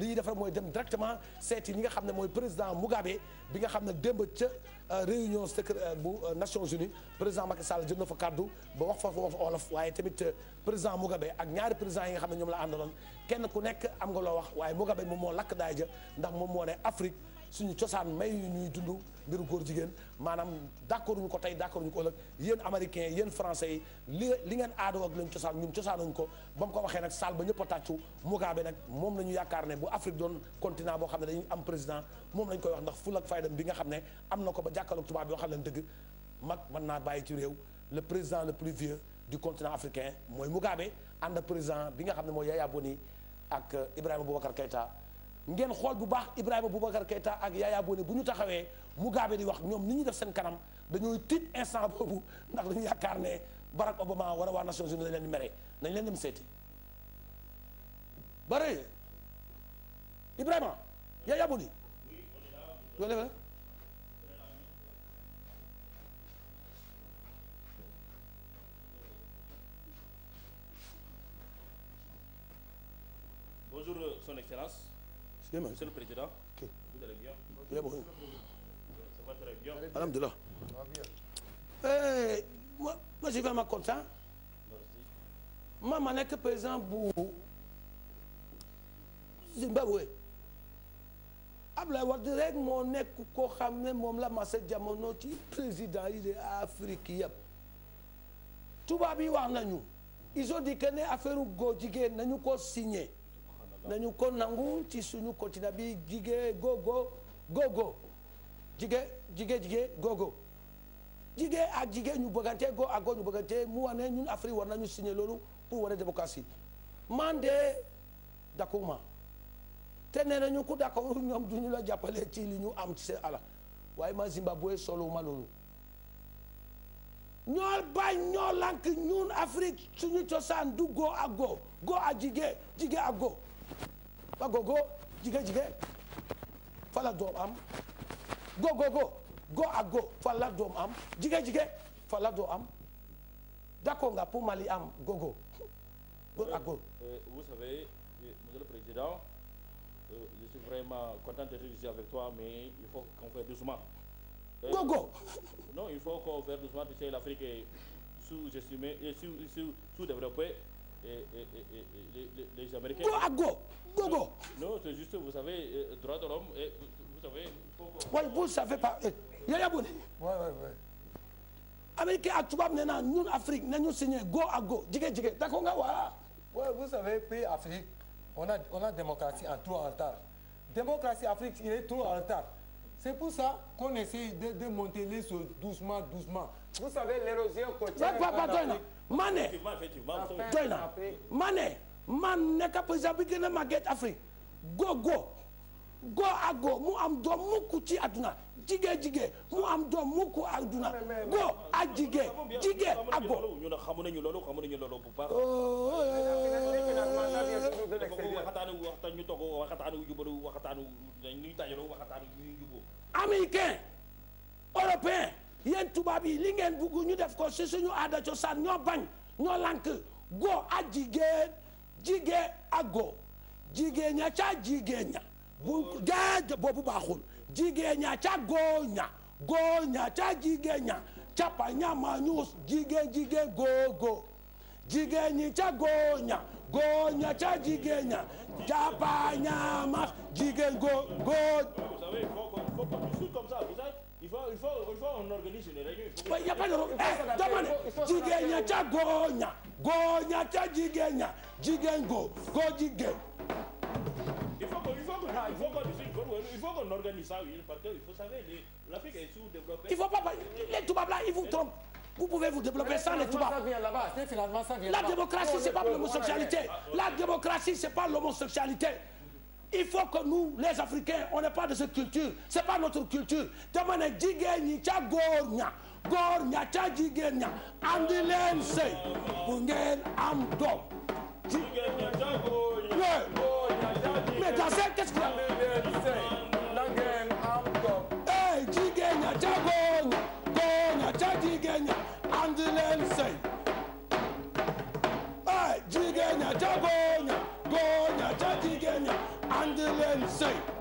li ñuy def mooy dem directement seeti yi nga xam ne mooy président Mugabe bi nga xam ne démb ca euh, réunion secret euh, bu euh, Nations Unies président Macky Sall jël na fa kaddu ba wax fa wax olof waaye tamit président Mugabe ak ñaari présidents yi nga xam ne ñoom la àndaloon kenn ku nekk am nga loo wax waaye Mugabe moom moo lakk daay ja ndax moom moo ne Afrique. suñu cosaan may ñuy dund mbiru góor jigéen maanaam d'accord ñu ko tey d'accord ñu ko ëllëg yéen américain yéen français yi li li ngeen aadoo ak lañ cosaan ñun cosaanuñ ko ba mu ko waxee nag saal ba ñëpp a tàccu Mugabe nag moom la ñu yaakaar ne bu Afrique doon continent boo xam ne dañu am président moom lañ koy wax ndax ful ak faydam bi nga xam ne am na ko ba jàkkaarloog tubaab bi yoo xam ne dëgg mag mën naa bàyyi ci réew le président le plus vieux du continent africain mooy Mugabe ànd ak président bi nga xam ne mooy Yaya Boni ak euh, Ibrahima Boubacar Keïta ngeen xool bu baax Ibrahima Boubacar Keita ak Yaya bu ñu taxawee mu Mugabe di wax ñoom ni ñu def seen kanam dañooy tiit instant boobu ndax dañu yaakaar ne Barack Obama war a waa Nations Unies dañ leen mere nañ leen dem seeti Monsieur le Président, okay. vous allez bien bien, bon. Ça va très bien. Eh, ma ma nekk président Zimbabwe Abdoulaye Wade rek moo nekk koo xam ne moom la masa jamono ci président yi de Afrique yëpp tubaab yi wax nañu ils ont dit que ne affaire góor jigéen nañu ko signé ñu ko nangu ci suñu continent bi jigéen gogo gogo jigéen jigéen jigéen gogo jigéen ak jigéen ñu bëggante go ak go ñu bëggante mu wax ne ñun Afrique war nañu signé loolu pour wane démocratie man de d'accord ma te nee nañu ku d'accord ñoom du ñu la jàppale ci li ñu am ci seen ala waaye ma Zimbabwe solo ma loolu ñoo bañ ñoo lank ñun Afrique suñu cosaan du go ak go go ak jigéen jigéen ak go ba gogo jige jige fala doom am go go go go ak go fala doom am jige jige fala doom am d'accord nga pour Mali am gogo go ak go. Euh, euh, vous savez euh, monsieur le président je suis vraiment content d'être ici avec toi mais il faut qu'on fasse doucement. Euh, non il faut qu'on fasse doucement tu sais l'Afrique est sous et sous sous sous et, et, et les, les, les Américains. Go à go Gogo Non, non c'est juste, vous savez, euh, droit de l'homme, et vous, vous savez. pas. Eh, Yaya Boune. Ouais, Américain ak tubaab nee naa ñun Afrique nañu signé go à go jigéen jigéen d'accord nga waa. Ouais, vous savez, pays Afrique, on a, on a démocratie en trop en Démocratie Afrique, il est trop en C'est pour ça qu'on essaie de, monter les choses doucement, Vous savez, l'érosion côtière. ma ne doy na ma ne man nekk président bi gën a màgget Afrique góor góor góor ak góor mu am doom mukk ci àdduna jigéen jigéen mu am doom mukk àdduna góor ak jigéen jigéen a góor. xamu nañu loolu xamu nañu loolu bu baax. Oh, oh, oh, ñu toog waxtaan wu jubóo waxtaan wu ñu dajaloo waxtaan wu ñu jubóo. américain européen. yéen tubaab yi li ngeen bugg ñu def ko si suñu aada cosaan ñoo bañ ñoo lànk góo ak jigéen jigéen ak góo jigéen ña ca jigéen ña bu jaaj boobu baaxul jigéen ña ca góo ña góo ña jigéen jigéen jigéen góo jigéen ñi ca góo ña góo ña ca jigéen ña capa ñama jigéen góo Il faut, il faut, il faut on organise une réunion. Il faut. Ouais, y a pas de. Eh, dama ne jigéen ña ca góor ña. góor ña ca jigéen ña. jigéen góor góor jigéen. il faut que il faut que il faut que il faut qu'on organise ça oui parce que il faut savoir l'Afrique est sous-développée. il faut pas les tubaab là ils vous trompent. vous pouvez vous développer sans les tubaab. la démocratie c'est pas l'homosexualité. la démocratie c'est pas l'homosexualité. il faut que nous les Africains on n'est pas de cette culture c'est pas notre culture dama ne jigéen ñi ca góor ña góor ña ca jigéen ña andi leen sëy bu ngeen am doom. jigéen ña ca góor ña. mais dans ce qu'est-ce qu'il y a leen sëy